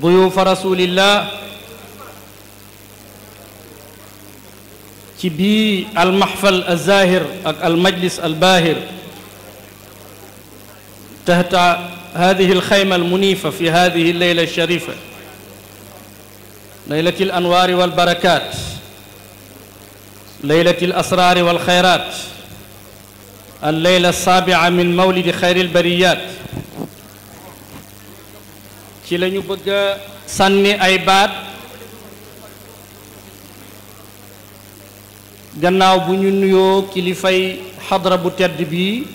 duyuufa rasulillah ci bii almahfal alzahir ak almajlis albaahir tahta hadihi alxayma almunifa fi hadihi alleyla alsharifa leylati alanwaari walbarakat leylati alasraari walxayrat alleyla alsaabia min mawlidi xayri albariyat ci lañu bëgg a sànni ay baat gannaaw bu ñu nuyoo kilifay xadra bu tedd bi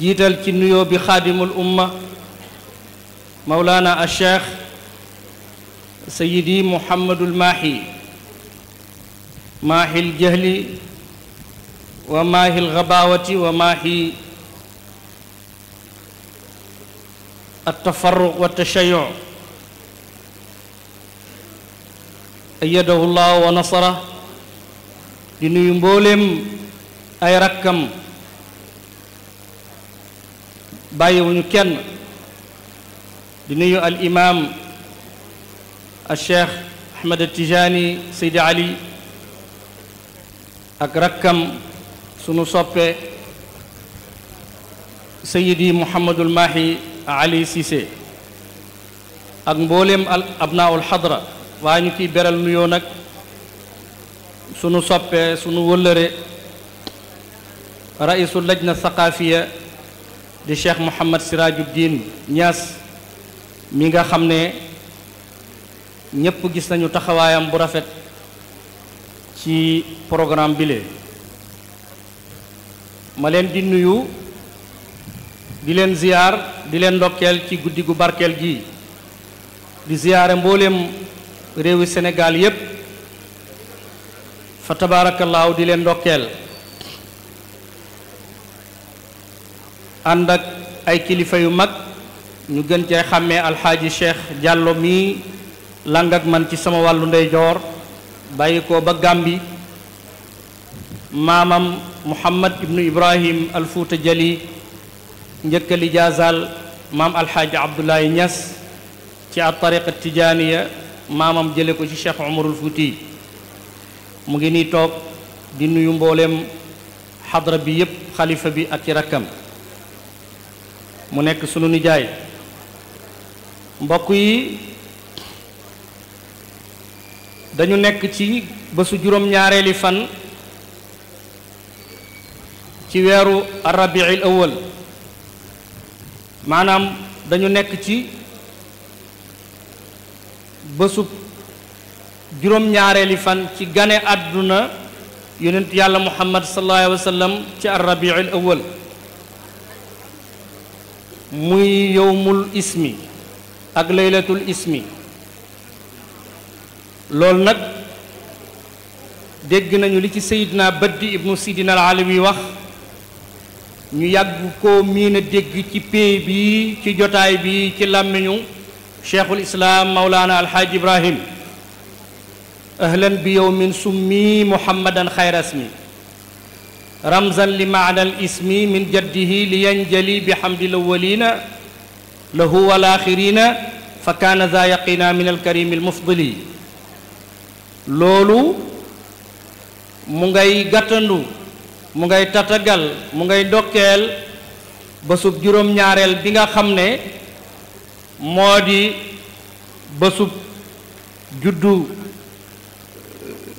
jiital ci nuyoo bi xaadimul umma mawlaana al cheikh sayidi muhammadul maahi maahil jahli wa maahil gabaawati wa maahi التفرق والتشيع أيده الله ونصره di nuyu mbooleem ay rakkam bàyyiwuñu kenn di nuyu al imaam al cheikh Ahmed Tijaani Seydi Ali ak rakkam sunu soppe Seydi Mouhamadul Mahi Ali Cissé ak mbooleem al abnaawul xadra waa ñi ciy beral nuyoo nag sunu soppee sunu wëllëre raisu lajna saqaafiya di cheikh Mouhamad Sirajuddin ñaas mi nga xam ne ñépp gis nañu taxawaayam bu rafet ci programme bile ma leen di nuyu di leen ziyaar di leen ndokkeel ci guddi gu barkeel gii di ziyaare mbooleem réewi Sénégal yépp fa tabaarakallaahu di leen ndokkeel ànd ak ay kilifa yu mag ñu gën cee xàmmee alxaaji Cheikh Diallo mii lang ak man ci sama wàllu ndeyjoor bàyyi ko ba Gàmbi maamam Muhammad ibnu Ibrahim al Fuuta Jali njëkk jaasal jaasaal maam alxaaji abdoulaye ñas ci ab tariqa tijaaniya maamam jële ko ci cheikh umarul fuuti mu ngi ni toog di nuyu mboolem xadra bi yépp xalifa bi ak ci rakkam mu nekk sunu nijaay mbokk yi dañu nekk ci bésu juróom-ñaareeli fan ci weeru arabiil awal maanaam dañu nekk ci bésub juróom-ñaareeli fan ci gane àdduna yonent yàlla muhammad sallallahu alayhi wa sallam ci arrabiul awal muy yowmul ismi ak laylatul ismi loolu nag dégg nañu li ci sayidna baddi ibnu sidina al alawi wax ñu yàgg ko miin a dégg ci péey bi ci jotaay bi ci làmmiñu cheikhul islaam mawlaana alxaaj ibrahim ahlan bi yowmin summi muhammadan xayrasmi ramzan li maana al ismi min jaddihi li yanjali bi xamdi lawalina lahu walaaxirina fa kaana za yaqina min alkarimi almufdili loolu mu ngay gàttandu mu ngay tatagal mu ngay ndokkeel bésub juróom-ñaareel bi nga xam ne moo di bésub juddu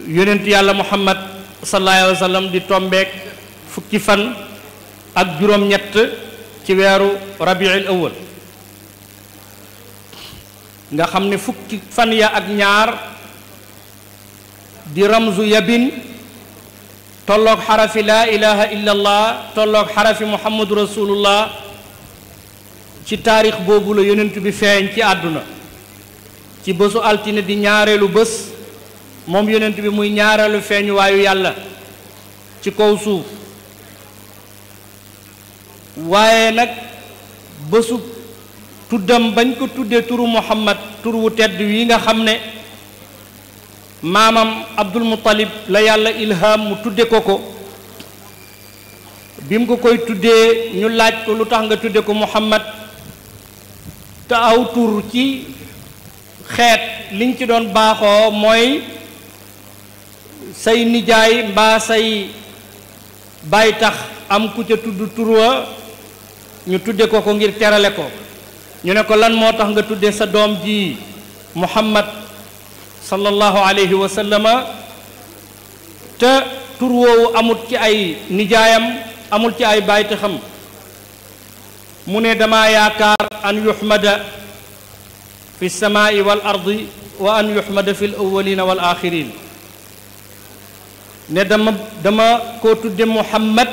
yonent yàlla muhammad sallallahu alayhi di tombeek fukki fan ak juróom-ñett ci weeru rabiul awal nga xam ne fukki fan ya ak ñaar di ramzu yabin tolloog xarafi laa ilaha illa allah tolloog xarafi muhammadu rasulullah ci taarix boobu la yonent bi feeñ ci àdduna ci bésu altine di ñaareelu bés moom yonent bi muy ñaareelu feeñu waayu yàlla ci kaw suuf waaye nag bésu tuddam bañ ko tuddee turu muhammad tur wu tedd wi nga xam ne maamam abdul muttalib la yàlla ilham mu tudde ko ko bi mu ko koy tuddee ñu laaj ko lu tax nga tudde ko muhammad te aw tur ci xeet li liñ ci doon baaxoo mooy say nijaay mbaa say baay tax am ku ca tudd tur wa ñu tudde ko ko ngir terale ko ñu ne ko lan moo tax nga tudde sa doom ji muhammad sallallahu alayhi wa sallama te tur woowu amut ci ay nijaayam amul ci ay baay xam mu ne dama yaakaar an yuxmada fi samaai wal ardi wa an yuxmada fi l awalina wal axirin ne dama dama ko tudde muhammad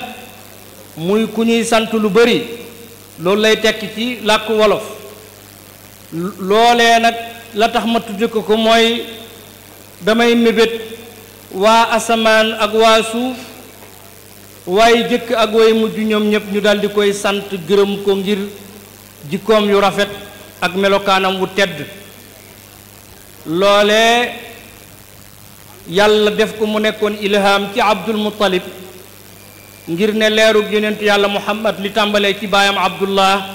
sant lu bari loolu lay tekki ci làkku wolof loolee nag la tax ma tudde ko ko mooy damay mébét waa asamaan ak waa suuf waaye jëkk ak way mujj ñoom ñépp ñu daldi koy sant gërëm ko ngir jikkoom yu rafet ak melokaanam wu tedd loole yàlla def ko mu nekkoon ilham ci abdul muttalib ngir ne leeru yonent yàlla muhammad li tàmbalee ci baayam abdullah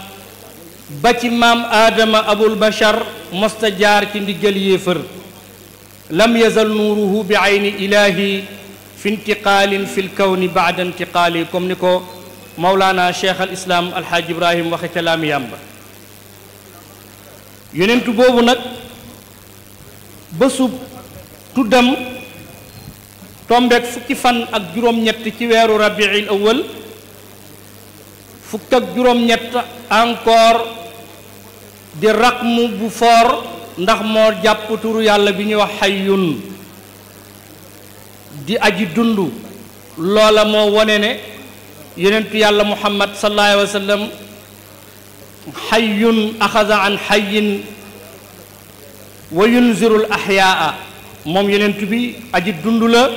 ba ci maam aadama abul bashar mosta jaar ci ndiggal yéefër lam yazal nuuruhu bi ayni ilaahi fi intiqaalin fi lkawni baada intiqaali comme ni ko mawlaana cheikh al islaam ibrahim waxe ca laami yàmba yonentu boobu nag bésub tuddam tombeek fukki fan ak juróom-ñett ci weeru rabiil awal fukk ak juróom-ñett encore di raqmu bu foor ndax moo jàpp turu yàlla bi ñuy wax xayyun di aji dund loola moo wone ne yonentu yàlla muhammad sallallahu alayhi wa sallam xayyun axada an xayyin wa yunzirul axyaa moom yonent bi aji dund la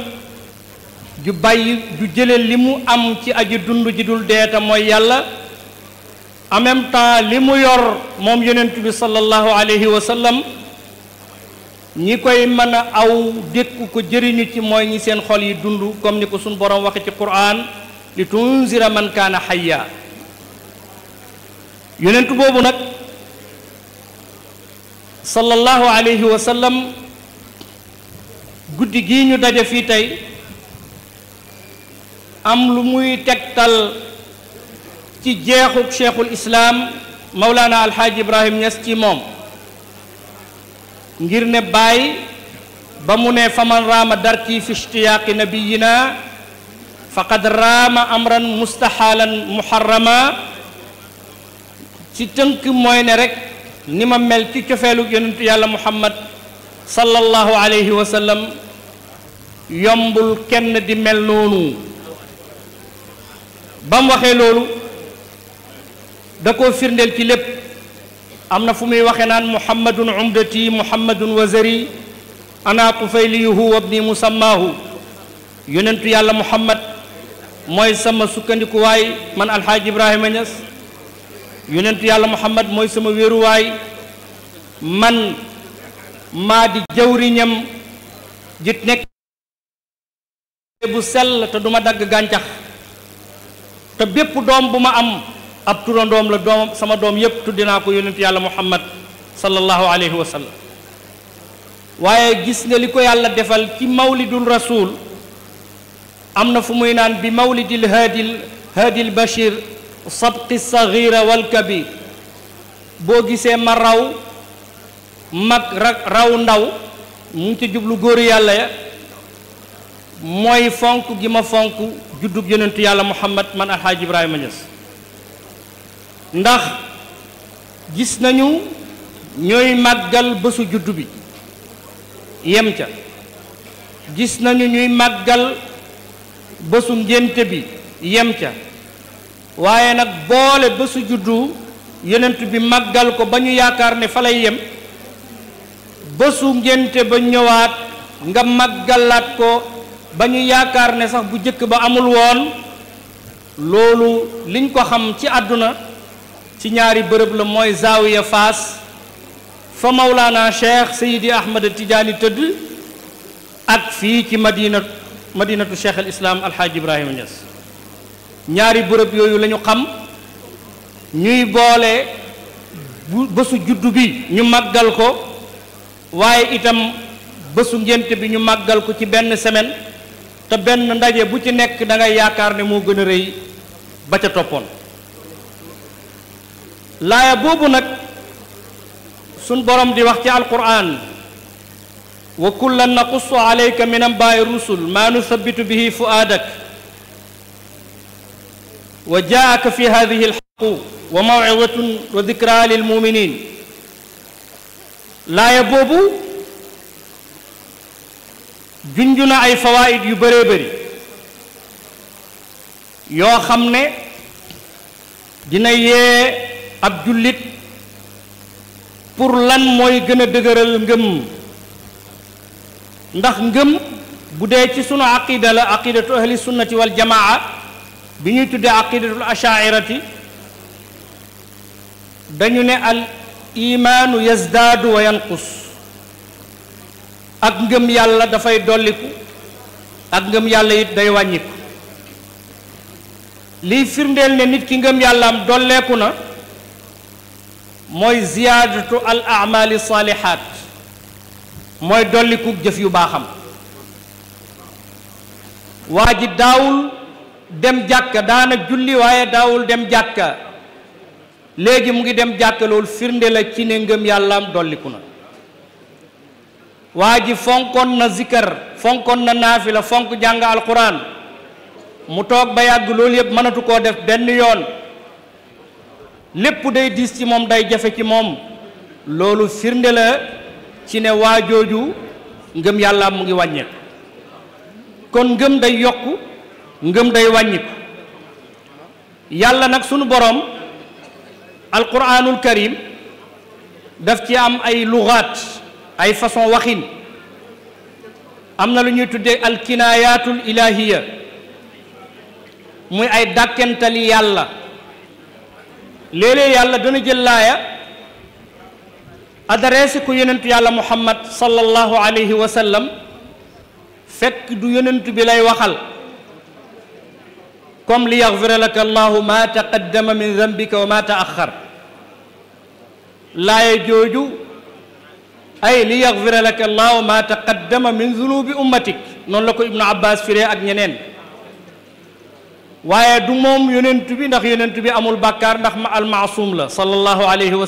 ju bàyyi ju jële li mu am ci aji dund ji dul deeta mooy yàlla en même temps li mu yor moom yonent bi sallallahu alayhi wa sallam ñi koy mën a aw dékku ko jëriñu ci mooy ñi seen xol yi dund comme ni ko suñ boroom waxe ci quraan li tunzira man kaana xayya yonent boobu nag sallallahu alayhi wa guddi gi ñu daje fii tey am lu muy tegtal ci jeexub cheikhul islaam Mawlana Alxaaji Ibrahim Ñas ci moom ngir ne bàyyi ba mu ne faman raama darki fi ishtiyaaqi nabiyina faqad raama amran mustaxaalan muharrama ci tënk mooy ne rek ni ma mel ci cofeelu yonentu yàlla muhammad sallallahu alayhi wa sallam yombul kenn di mel noonu ba mu waxee loolu da koo firndeel ci lépp am na fu muy waxee naan muhammadun umdati muhammadun wazari ana tufayliyuhu wabni musammaahu yonentu yàlla muhammad mooy sama sukkandikuwaay man alxaaji ibrahima ñas yonentu yàlla muhammad mooy sama wéeruwaay man maa di jawriñam ji nekk bu sell te duma dagg gàncax te bépp doom bu ma am ab doom la doom sama doom yépp tuddi naa ko yonent yàlla muhammad sallallahu alayhi wa sallam waaye gis nga li ko yàlla defal ci mawlidul rasuul am na fu muy naan bi mawlidil haadil haadil bashir sabqi sagira walkabir boo gisee ma raw ndaw mu ngi ci yàlla ya mooy fonk gi ma fonk juddub yonentu yàlla muhammad man alxaaji ibrahima Niass ndax gis nañu ñooy màggal bésu juddu bi yem ca gis nañu ñuy màggal bésu ngénte bi yem ca waaye nag boole bésu juddu yonent bi màggal ko ba ñu yaakaar ne fa yem bésu ngénte ba ñëwaat nga màggalaat ko ba ñu yaakaar ne sax bu jëkk ba amul woon loolu liñ ko xam ci àdduna ci ñaari bërëb la mooy zaawiya faas fa mawlaana cheikh sayidi ahmad tijaani tëdd ak fii ci madinatu madinatu cheikh al islaam alxaaji ibrahima ñas ñaari bërëb yooyu lañu xam ñuy boole bësu juddu bi ñu màggal ko waaye itam bésu ngént bi ñu màggal ko ci benn semaine te benn ndaje bu ci nekk dangay yaakaar ne moo gën a rëy ba ca toppoon laaya boobu nag sun borom di wax ci alquran wa kullan naqussu alayka min ambaai rusul maa nuthabitu bihi fuaadak wa jaaka fi hadihi alxaqu wa mawcidatun wa dikra lilmuminin laaya boobu junju na ay fawaid yu bëree bëri yoo xam ne dina yee ab jullit pour lan mooy gën a dëgëral ngëm ndax ngëm bu dee ci sunu aqida la aqidatu ahli sunnati wal bi ñuy tuddee aqidatul ashairati dañu ne al imaanu yazdaadu wa yanqus ak ngëm yàlla dafay dolliku ak ngëm yàlla it day wàññiku liy firndeel ne nit ki ngëm yàlla am dolleeku na mooy ziyaadatu al amali saalihaat mooy dolliku jëf yu baaxam waa ji daawul dem jàkka daana julli waaye daawul dem jàkka léegi mu ngi dem jàkka loolu firnde la ci ne ngëm yàllaam dolliku na waa ji fonkoon na zikkar fonkoon na naafila fonk jàng alquran mu toog ba yàgg loolu yëpp mënatu koo def benn yoon lépp day diis ci moom day jafe ci moom loolu firnde la ci ne waa jooju ngëm yàlla mu ngi wàññeeku kon ngëm day yokku ngëm day wàññiku yàlla nag sunu boroom alquranul karim daf ci am ay luxaat ay façon waxin am na lu ñuy tuddee alkinaayatul ilaahiya muy ay dàkkentali yàlla léeg-léeg yàlla dana jël laaya adressé ko yonentu yàlla muhammad sallallahu alayhi wa fekk du yonentu bi lay waxal comme li yaxfira laka allahu ma taqaddama min dambika wa ma taaxar laaya jooju ay li yaxfira laka allahu ma taqaddama min zunubi ummatik noonu la ko ibnu abbas firee ak ñeneen waaye du moom yonent bi ndax yonent bi amul bàkkaar ndax ma almaasum la sallallahu alayhi wa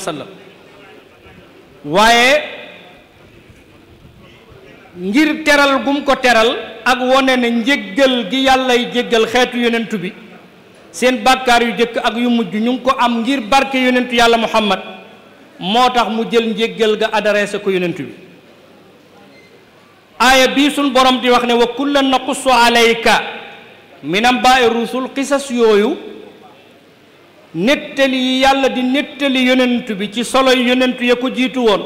waaye ngir teral gum ko teral ak wone ne njéggal gi yàllay jéggal xeetu yonent bi seen bàkkaar yu jëkk ak yu mujj ñu ngi ko am ngir barke yonentu yàlla muhammad moo tax mu jël njéggal ga adressé ko yonent bi aaya bii suñ borom di wax ne wa kullan naqussu alayka minam bàyyi rusul xisas yooyu nettali yi yàlla di nettali yonent bi ci solo yonent ya ko jiitu woon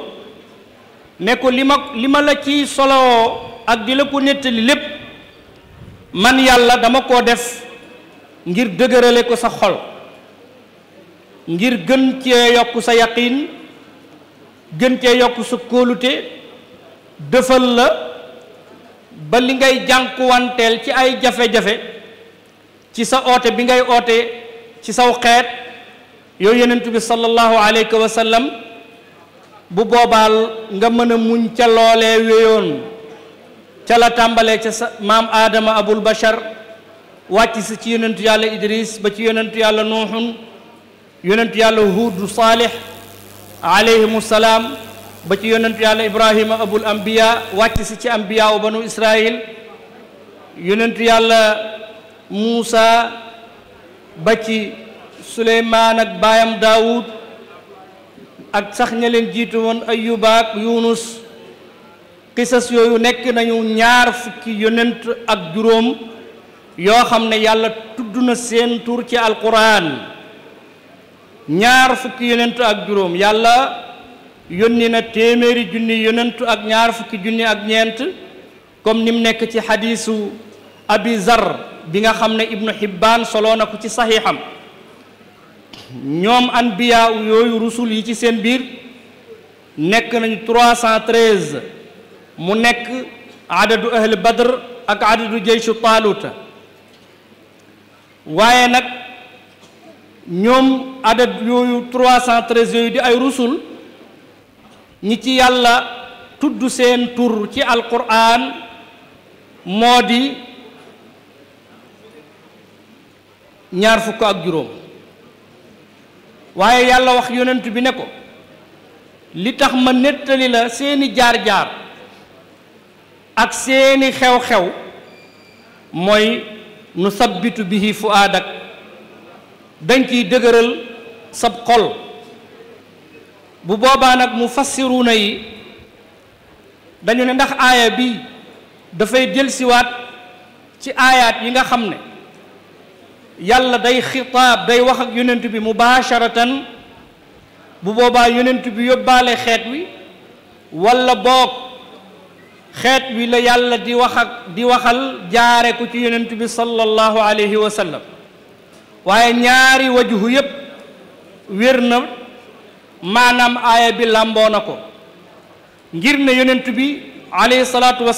ne ko li ma li ma la ciy solo ak di la ko nettali lépp man yàlla dama ko def ngir dëgërale ko sa xol ngir gën cee yokk sa yaqiin gën cee yokk sa kóolute dëfal la ba li ngay jànq jànkuwanteel ci ay jafe-jafe ci sa oote bi ngay oote ci saw xeet yow yonent bi sallallahu alayhi wa bu boobaal nga mën a muñ ca loole wéyoon ca la tàmbalee ca sa maam aadama abul bashar wàcc si ci yonentu yàlla idris ba ci yonentu yàlla nuuxun yonentu yàlla huudu saalix alayhimu salaam ba ci yonentu yàlla ibrahima abul ambiya wàcc si ci ambiya u banu israil yonentu yàlla Muusa ba ci Suleymaan ak baayam daawut ak sax ña leen jiitu woon Ayyuba ak Yunus xisas yooyu nekk nañu ñaar fukki yonent ak juróom yoo xam ne yàlla tudd na seen tur ci alquran ñaar fukki yonent ak juróom yàlla yónni na téeméeri junni yonent ak ñaar fukki junni ak ñeent comme ni nekk ci xadiisu abi bi nga xam ne ibnu hibbaan soloo na ko ci saxiixam ñoom anbiya yooyu rusul yi ci seen biir nekk nañu 313 mu nekk adadu ahli badr ak adadu jeyshu taaluta waaye nag ñoom adad yooyu 313 yooyu di ay rusul ñi ci yàlla tudd seen tur ci alquran moo di ñaar fukk ak juróom waaye yàlla wax yonent bi ne ko li tax ma nettali la seeni jaar-jaar ak seeni xew-xew mooy nu sabbitu bihi fu aad ak dañ kiy dëgëral sab xol bu boobaa nag mu fas fassiruuna yi dañu ne ndax aaya bi dafay delsiwaat ci aayaat yi nga xam ne yàlla day xitaab day wax ak yonent bi mubaasharatan bu boobaa yonent bi yóbbaale xeet wi walla boog xeet wi la yàlla di wax di waxal jaare ko ci yonent bi sallallahu alayhi wa waaye ñaari wajuhu yépp wér na maanaam aaya bi làmboo na ko ngir ne yonent bi alayhi salaatu wa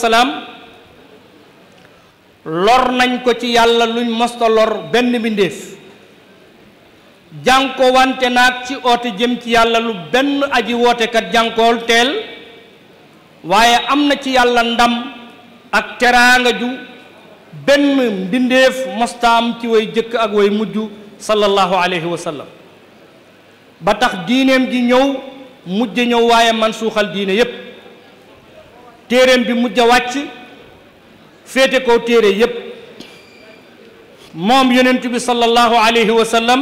lor nañ ko ci yàlla luñ mosta lor benn mbindéef jànko wante naag ci oote jëm ci yàlla lu benn aji wootekat jànkool teel waaye am na ci yàlla ndam ak teraanga ju benn mbindéef mostaam ci way jëkk ak woy mujj sallallahu alayhi wa sallam ba tax diineem ji ñëw mujj ñëw waaye man suuxal diine yépp téeréem bi mujj wàcc féete koo téere yépp moom yonent bi sallallahu alayhi wa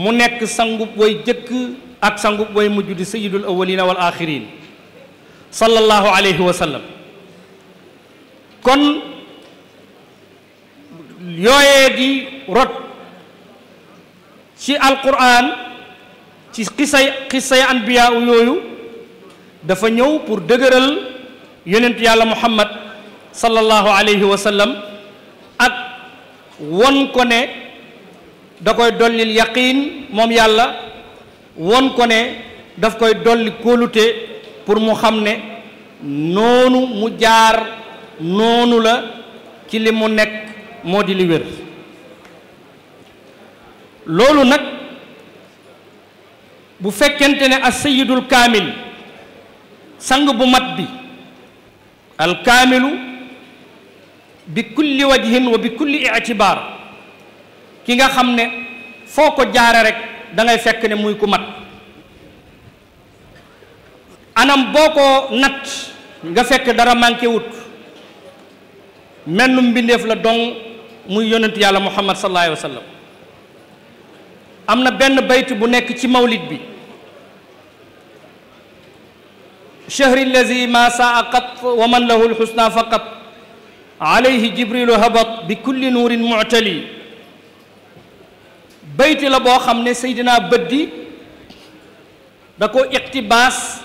mu nekk sangub way jëkk ak sangub way mujj di sayidul awalina wal axirin sallallahu alayhi wa sallam kon yooyee di rot ci alquran ci xisay xisay anbiya yooyu dafa ñëw pour dëgëral yonent yàlla muhammad sallallahu alayhi wa ak won ko ne da koy dollil yaqiin moom yàlla won ko ne daf koy dolli kóolute pour mu xam ne noonu mu jaar noonu la ci li mu nekk moo di li wér loolu nag bu fekkente ne ak sayidul kaamil sang bu mat bi al bi kulli wajhin wa bi kulli ictibaar ki nga xam ne foo ko jaare rekk dangay fekk ne muy ku mat anam boo ko natt nga fekk dara manqué wut mennum mbindeef la dong muy yonent yàlla muhammad sallallahu alayhi am na benn bayt bu nekk ci mawlid bi chahri allazi ma saa qat wa man lahu lxusna faqat alayhi jibrilu habat bi kulli nuurin mu'tali bayti la boo xam ne bët bëddi da ko iqtibaas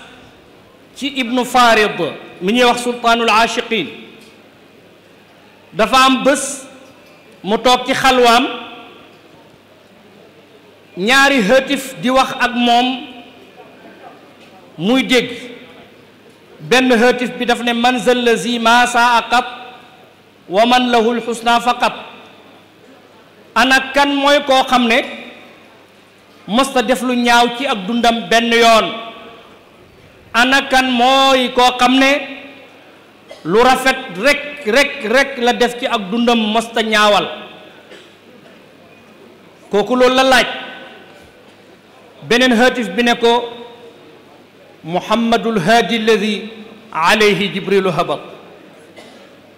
ci ibnu farid mi ñuy wax sultaanul aashiqiin dafa am bés mu toog ci xalwaam ñaari hëtif di wax ak moom muy dégg benn hëtif bi daf ne man zallazi ma saa qat wa man lahul xusna faqat ana kan mooy koo xam ne mësta def lu ñaaw ci ak dundam benn yoon ana kan mooy koo xam ne lu rafet rek rek la def ci ak dundam mësta ñaawal kooku loolu la laaj beneen haatif bi ne ko muhammadul haadi alladi alayhi jibrilu habat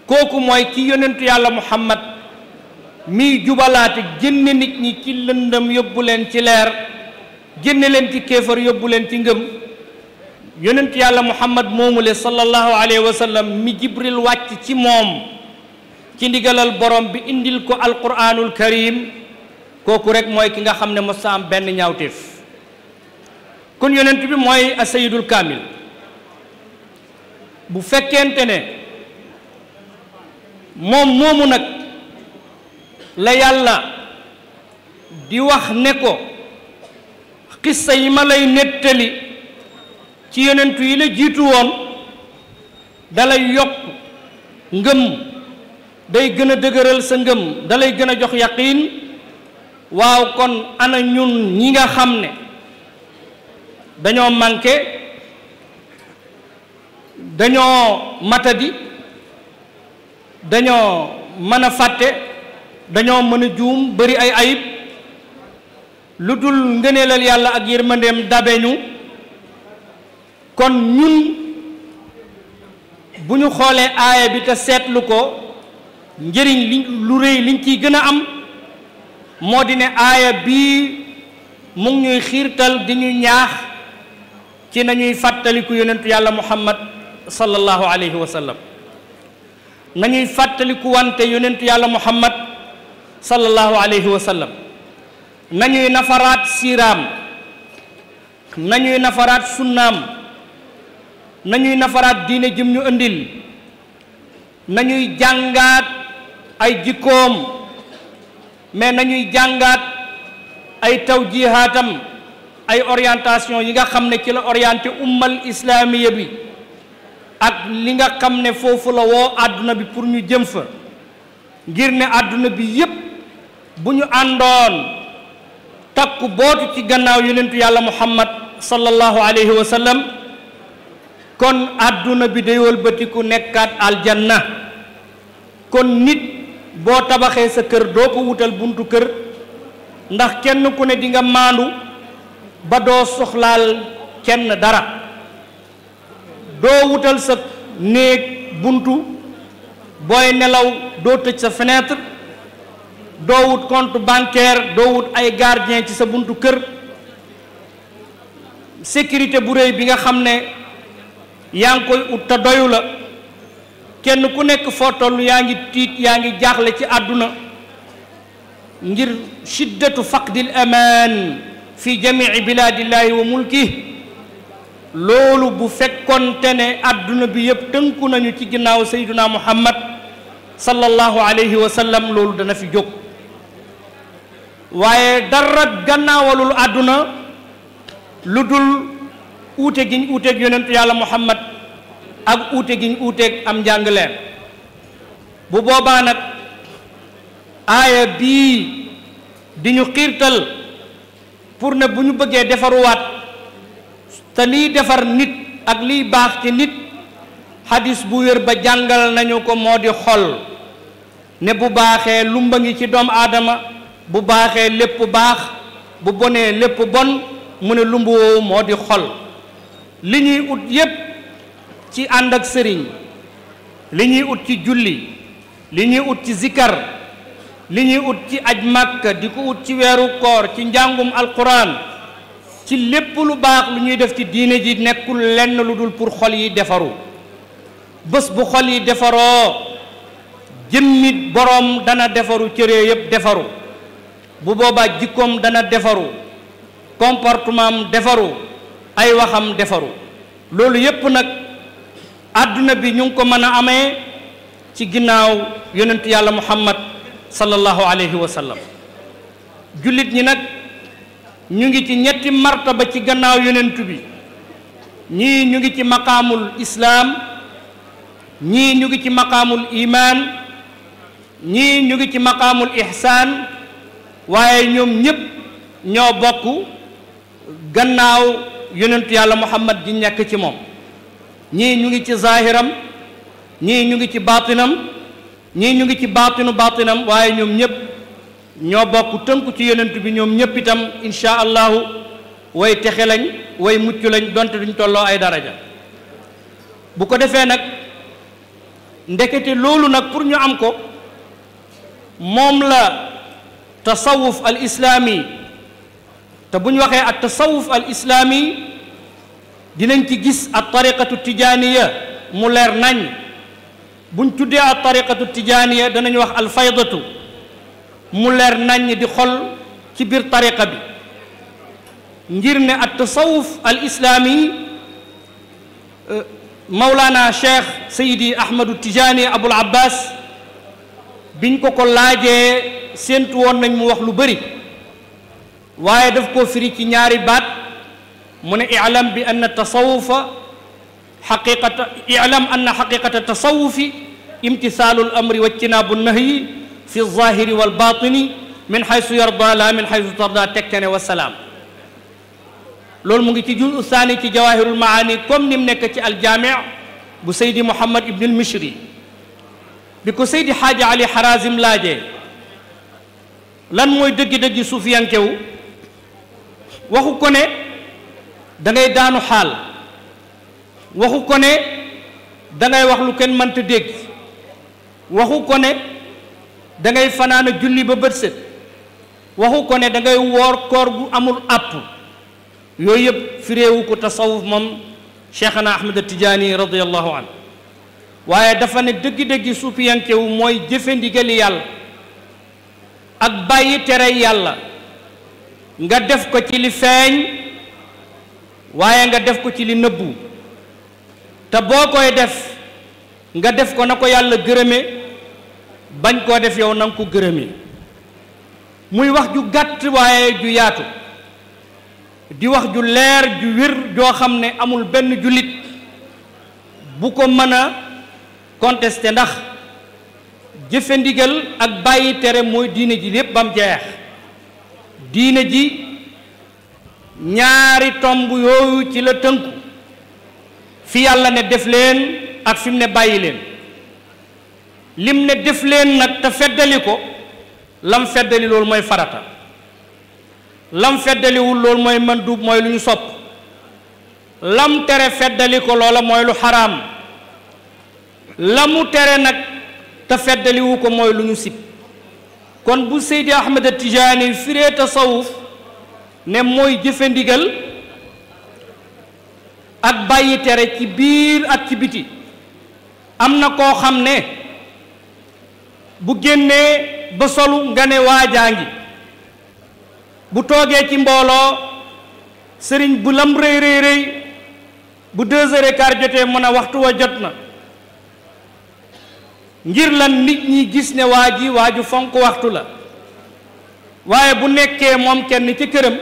kooku mooy ki yonentu yàlla muhammad mi jubalaate génne nit ñi ci lëndëm yóbbu leen ci leer génne leen ci kéefar yóbbu leen ci ngëm yonentu yàlla muhammad moomule sallallahu alayhi wa sallam mi jibril wàcc ci moom ci ndigalal borom bi indil ko alquranul karim kooku rek mooy ki nga xam ne mos am benn ñaawteef kon yonent bi mooy asayidul kaamil bu fekkente ne moom moomu nag la yàlla di wax ne ko xissa yi ma lay nettali ci yonentu yi la jiitu woon dalay yokk ngëm day gën a dëgëral sa ngëm dalay gën a jox yaqiin waaw kon ana ñun ñi nga xam ne dañoo manqué dañoo matadi dañoo mën a fàtte dañoo mën a juum bari ay ayib lu dul ngëneelal yàlla ak yërmandeem dabe ñu kon ñun bu ñu xoolee aaya bi te seetlu ko njëriñ li lu rëy liñ ciy gën a am moo di ne aaya bii mu ngi ñuy xiirtal di ñu ñaax ci nañuy fàttaliku yonentu yàlla muhammad sallallahu alayhi wa na ñuy fàttaliku wante yonentu yàlla muhammad sallallahu alayhi wa sallam nañuy nafaraat siiraam nañuy nafaraat sunnaam ñuy nafaraat diine jëm ñu indil nañuy jàngaat ay jikkoom mais nañuy jàngaat ay tawjihaatam ay orientation yi nga xam ne ci la orienté ummal islaamiya bi ak li nga xam ne foofu la woo àdduna bi pour ñu jëm fa ngir ne àdduna bi yépp bu ñu àndoon takku bootu ci gannaaw yonentu yàlla muhammad sallallahu alayhi wa sallam kon àdduna bi day wëlbatiku nekkaat aljanna kon nit boo tabaxee sa kër doo ko wutal buntu kër ndax kenn ku ne dinga nga maandu ba doo soxlaal kenn dara doo wutal sa néeg buntu booy nelaw doo tëj sa fenêtre doo wut compte bancaire doo wut ay gardien ci sa buntu kër sécurité bu rëy bi nga xam ne yaa ngi koy ut te doyu la kenn ku nekk foo toll yaa ngi tiit yaa ngi jaaxle ci àdduna ngir shiddatu faqdil amaan fi jamii bilaadillahi wa mulkih loolu bu fekkonte ne àdduna bi yëpp tënku nañu ci ginnaaw sayduna muhammad sallallahu alayhi wa sallam loolu dana fi jóg waaye dara gannaawalul àdduna lu dul uute giñ uuteeg yonentu yàlla muhammad ak uute giñ uuteeg am njàngaleem bu boobaa nag aaya bii di ñu xiirtal pour ne bu ñu bëggee defaruwaat te liy defar nit ak liy baax ci nit xadis bu wér ba jàngal nañu ko moo di xol ne bu baaxee lumba ngi ci doomu aadama bu baaxee lépp baax bu bonee lépp bon mu ne lumb moo di xol li ñuy ut yépp ci ànd ak sëriñ li ñuy ut ci julli li ñuy ut ci zikar li ñuy ut ci aj màkka di ko ut ci weeru koor ci njàngum alquran ci lépp lu baax lu ñuy def ci diine ji nekkul lenn lu dul pour xol yi defaru bés bu xol yi defaroo jëmmit boroom dana defaru cëree yépp defaru bu boobaa jikkoom dana defaru comportement am defaru ay waxam defaru loolu yépp nag àdduna bi ñu ngi ko mën a amee ci ginnaaw yonentu yàlla muhammad sallallahu alayhi wa sallam jullit ñi nag ñu ngi ci ñetti martaba ci gannaaw yonent bi ñii ñu ngi ci maqaamul islaam ñii ñu ngi ci maqaamul imaan ñii ñu ngi ci maqaamul ihsaan waaye ñoom ñépp ñoo bokk gannaaw yonentu yàlla muhammad di nekk ci moom ñii ñu ngi ci zaahiram ñii ñu ngi ci baatinam ñii ñu ngi ci baatinu baatinam waaye ñoom ñépp ñoo bokk tënku ci yonent bi ñoom ñëpp itam insha allahu way texe lañ way mucc lañ donte duñ tolloo ay daraja bu ko defee nag ndekete loolu nag pour ñu am ko moom la tasawuf al islaami te bu ñu waxee ak tasawuf al islaami dinañ ci gis at tariqatu tijaaniya mu leer nañ buñ tuddee at tariqatu tijaaniya danañ wax al faydatu mu leer naññ di xol ci biir tariqa bi ngir ne at tasawuf al islaami euh, mawlaana cheikh sayidi ahmadu tijaani abul abbas biñ ko ko laajee séentu woon nañ mu wax lu bari waaye daf koo firi ci ñaari baat mu ne allam bi ann tasawufa xaqiqata ilam ann xaqiqata tasawufi imtisaalu l amri wajtinaabu nahyi fi zahiri wal batini min xaysu yarda la min xaysu tarda tegte ne wasalaam loolu mu ngi ci juz saani ci jawahirul maani comme ni mu nekk ci aljaami bu saydi muhammad ibnul mishri bi ko saydi xaaji ali xarazim laajee lan mooy dëggi-dëggi suufiyankewu waxu ko ne da daanu xaal waxu ko ne da wax lu kenn mënta dégg waxu ko ne dangay ngay fanaan a julli ba bët set waxu ko ne dangay woor koor gu amul àpp yooyu yëpp réewu ko tasawuf moom cheikhana ahmad tijaani radiallahu an waaye dafa ne dëgg-dëgg suufiyankewu mooy jëfe ndigali yàlla ak bàyyi tere yàlla nga def ko ci li feeñ waaye nga def ko ci li nëbbu te boo koy def nga def ko na ko yàlla gërëme bañ koo def yow nanga ko gërëmi muy wax ju gàtt waaye ju yaatu di wax ju leer ju wér joo xam ne amul benn jullit bu ko mën a contesté ndax jëfe ndigal ak bàyyi tere mooy diine ji lépp ba mu jeex diine ji ñaari tomb yooyu ci la tënku fi yàlla ne def leen ak fi mu ne bàyyi leen lim ne def leen nag te feddali ko lam feddali loolu mooy farata lam feddaliwul loolu mooy mandub mooy lu ñu sopp lam tere feddali ko loola mooy lu xaraam lamu tere nag te feddaliwu ko mooy lu ñu sib kon bu Seydi Ahmed Tijaani firee tasawuf ne mooy jëfe ndigal ak bàyyi tere ci biir ak ci biti am na koo xam ne bu génnee ba solu nga ne waajaa ngi bu toogee ci mbooloo sëriñ bu lam rëy rëy rëy bu deux heures et quart jotee mën a waxtu wa jot na ngir lan nit ñi gis ne waa ji waa ju fonk waxtu la waaye bu nekkee moom kenn ci këram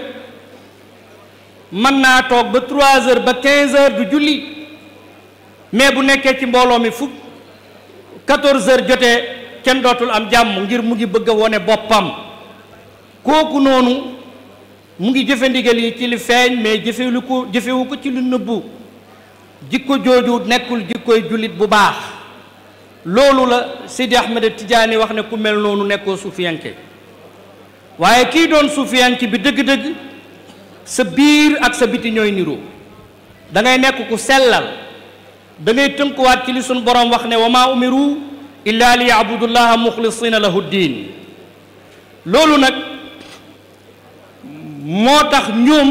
mën naa toog ba trois heures ba quinze heures du julli mais bu nekkee ci mbooloo mi fu quatorze jotee kenn dootul am jàmm ngir mu ngi bëgg a wone boppam kooku noonu mu ngi jëfe ndigal yi ci li feeñ mais jëfewu ko jëfewu ko ci lu nëbbu jikko jooju nekkul jikkoy jullit bu baax loolu la Sidi Ahmed Tidiane wax ne ku mel noonu nekkoo suufiyanke waaye kii doon suufiyanke bi dëgg-dëgg sa biir ak sa biti ñooy niroo dangay nekk ku sellal da ngay tënkuwaat ci li sunu borom wax ne wa maa illaa li yaabudullaha muxlisina lahu diin loolu nag moo tax ñoom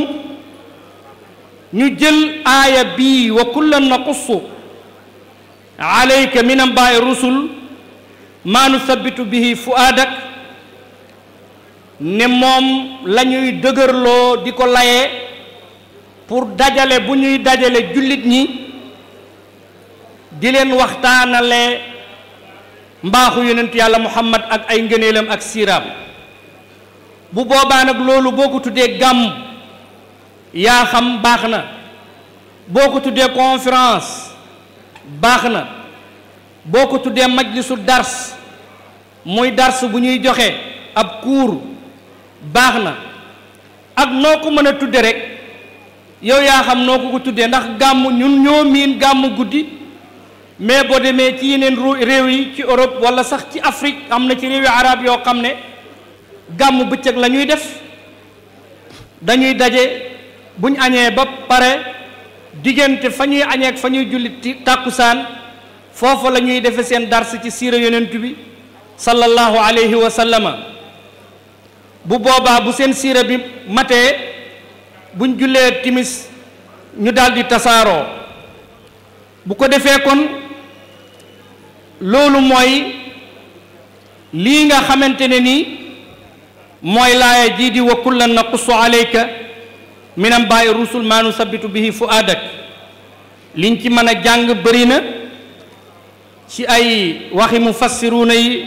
ñu jël aaya bii wa kullan naqussu alayka min ambaa'i rusul maa nusabbitu bihi fuaadak ne moom la ñuy dëgërloo di ko laye pour dajale bu ñuy dajale jullit ñi di leen waxtaanale mbaaxu yonent yàlla muhammad ak ay ngëneelam ak siiraam bu boobaa nag loolu boo ko tuddee gàmm yaa xam baax na boo ko tuddee conférence baax na boo ko tuddee majlisu dars muy dars bu ñuy joxe ab kuur baax na ak noo ko mën a tuddee rek yow yaa xam noo ko ko tuddee ndax gàmm ñun ñoo miin gàmm guddi mais boo demee ci yeneen réew yi ci Europe wala sax ci Afrique am na ci réewi arab yoo xam ne gàmm bëccëg la ñuy def dañuy daje buñ añee ba pare diggante fa ñuy añee ak fa ñuy julli tàkkusaan foofa la ñuy defe seen dars ci siira yonent bi sallallahu alayhi wa bu boobaa bu seen siira bi matee buñ jullee timis ñu daal tasaaroo bu ko defee kon loolu mooy lii nga xamante ne nii mooy laaya jii di wa kullan naqussu alayka min ambaa'i rusul maa nusabbitu bihi fu'aadak liñ ci mën a jàng bëri na ci ay waxi mufassiruuna yi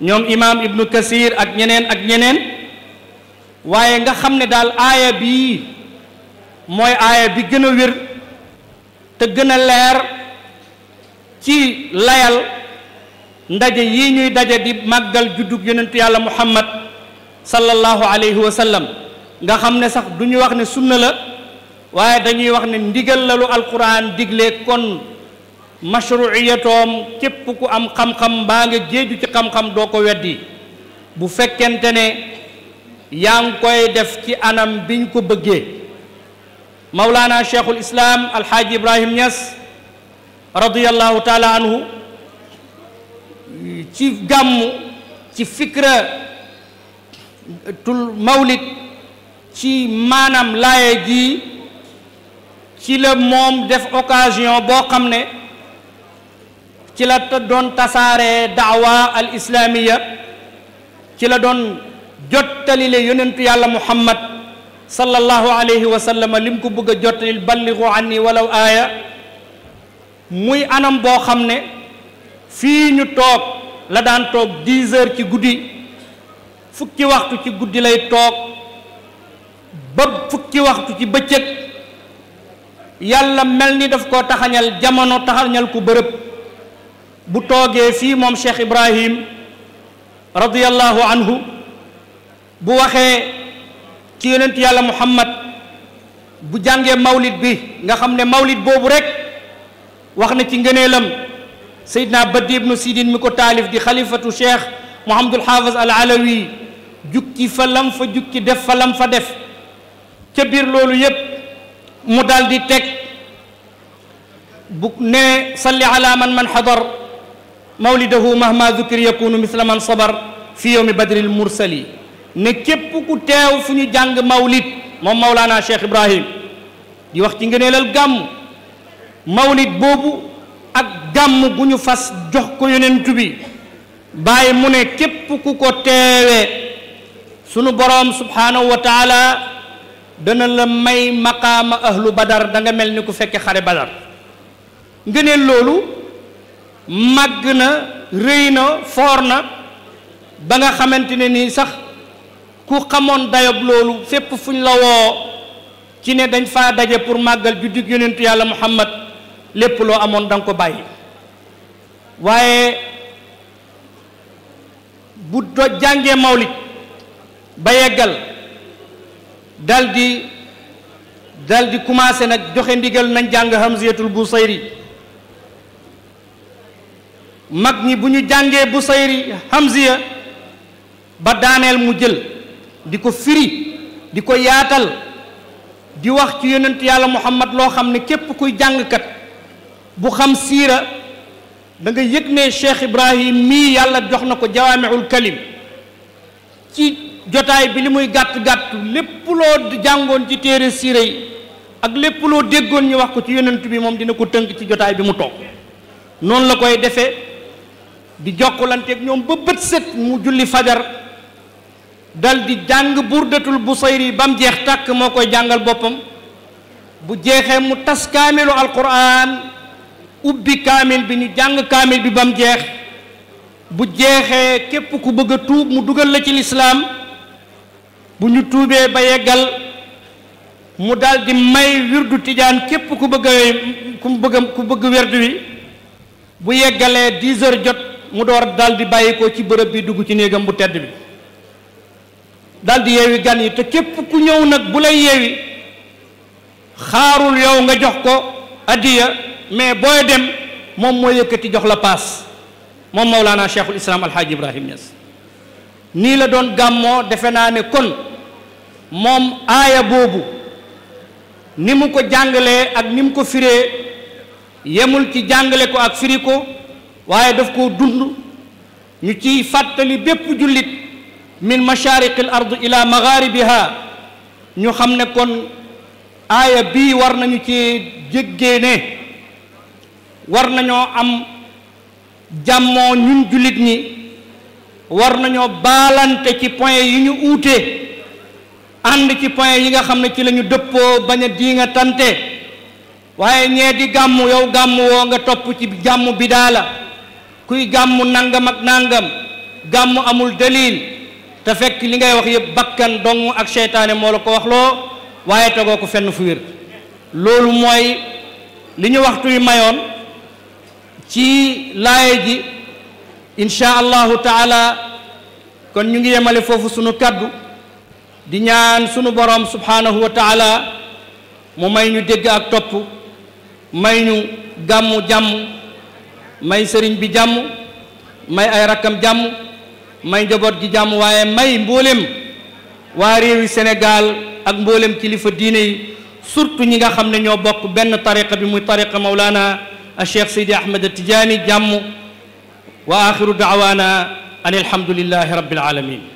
ñoom imaam ibnu kasir ak ñeneen ak ñeneen waaye nga xam ne daal aaya bii mooy aaya bi gën a wér te gën a leer ci layal ndaje yi ñuy daje di màggal juddug yonentu yàlla muhammad sallallahu alayhi wa sallam nga xam ne sax du ñu wax ne sunna la waaye dañuy wax ne ndigal la lu alquran digle kon mashruiyatoom képp ku am xam-xam mbaa nga géeju ci xam-xam doo ko weddi bu fekkente ne yaa ngi koy def ci anam biñ ko bëggee maulana cheikhul islam alhaaji ibrahim ñas radiyallahu taala anhu ci gàmmu ci fikra tu mawlid ci maanaam laaye gii ci la moom def occasion boo xam ne ci la doon tasaaree daawa al ci la doon jottalile yonentu yàlla muhammad sallallahu alayhi wa sallam lim ko bëgg a jottalil balligu anni walaw aaya muy anam boo xam ne fii ñu toog la daan toog dix heures ci guddi fukki waxtu ci guddi lay toog ba fukki waxtu ci bëccëg yàlla mel ni daf ko taxañal jamono taxañal ku bërëb bu toogee fii moom Cheikh Ibrahim radiyallahu anhu bu waxee ci yonent yàlla Muhammad bu jàngee mawlid bi nga xam ne mawlit boobu rek wax na ci ngëneelam Seydina Baddi ibnu Sidin mi ko taalif di xalifatu cheikh Mouhamadul Haafis al Alawi jukki fa lam fa jukki def fa lam fa def ca biir loolu yépp mu dal di teg bu ne salli ala man man xadar mawlidahu mahma zukir yakunu misla man sabar fi yowmi badril mursali ne képp ku teew fu ñu jàng mawlid moom mawlaana cheikh ibrahim di wax ci ngëneelal gàmm mawlit boobu ak gàmm gu ñu fas jox ko yonent bi bàyyi mu ne képp ku ko teewee sunu boroom subhaanahu wa taala dana la may maqaama ahlu badar danga mel ni ku fekke xare badar nga loolu màgg na rëy na foor na ba nga xamante ne nii sax ku xamoon dayob loolu fépp fuñ la woo ci ne dañ faa daje pour màggal juddug yonentu yàlla muhammad lépp loo amoon danga ko bàyyi waaye bu do jàngee mawlit ba yeggal daldi di dal nag joxe ndigal nañ jàng hamziyatul busayri mag ñi bu ñu jàngee busayri hamziya ba daaneel mu jël di ko firi di ko yaatal di wax ci yonent yàlla muhammad loo xam ne képp kuy jàngkat bu xam siira danga nga yëg ne Cheikh Ibrahim mii yàlla jox na ko jawaamiul kalim ci jotaay bi li muy gàtt-gàtt lépp loo jàngoon ci téere siira yi ak lépp loo déggoon ñu wax ko ci yonant bi moom dina ko tënk ci jotaay bi mu toog noonu la koy defee di jokkalanteeg ñoom ba bët set mu julli fajar dal di jàng burdatul busayri ba mu jeex tàkk moo koy jàngal boppam bu jeexee mu tas kaamilu alquran ubbi kaamil bi ni jàng kaamil bi ba mu jeex bu jeexee képp ku bëgg a tuub mu dugal la ci lislaam bu ñu tuubee ba yeggal mu daldi may wirdu tijaan képp ku bëgg a ku bëgg ku wi bu yeggalee dix heures jot mu door daldi bàyyi ko ci bërëb bi dugg ci néegam bu tedd bi daldi yeewi gan yi te képp ku ñëw nag bu lay yeewi xaarul yow nga jox ko addiya mais booy dem moom moo yëkkati jox la paas moom Mawlana Cheikhul Islam Alhaji Ibrahim Niass nii la doon gàmmoo defe naa ne kon moom aaya boobu ni mu ko jàngale ak ni mu ko firee yemul ci jàngale ko ak firi ko waaye daf koo dund ñu ciy fàttali bépp jullit min mashariqi l ard ila magharibiha ñu xam ne kon aaya bii war nañu ci jéggee war nañoo am jàmmoo ñun jullit ñi war nañoo baalante ci point yi ñu uute ànd ci point yi nga xam ne ci lañu dëppoo bañ a diinga tante waaye ñee di gàmm yow gàmm woo nga topp ci jàmm bi daa kuy gàmm nangam ak nangam gàmm amul dalil te fekk li ngay wax yëpp bakkan dong ak seytaane moo la ko wax loo waaye tegoo ko fenn fu wér loolu mooy li ñu waxtu mayoon ci laaye ji incha allahu taala kon ñu ngi yemale foofu sunu kaddu di ñaan suñu borom subhanahu wa taala mu may ñu dégg ak topp may ñu gàmmu jàmm may sëriñ bi jàmm may ay rakkam jàmm may njaboot gi jàmm waaye may mboolem waa réewi Sénégal ak mboolem kilifa diine yi surtout ñi nga xam ne ñoo bokk benn tariqa bi muy tariqa Maulana. الشيخ سيدي أحمد التجاني جم وآخر دعوانا أن الحمد لله رب العالمين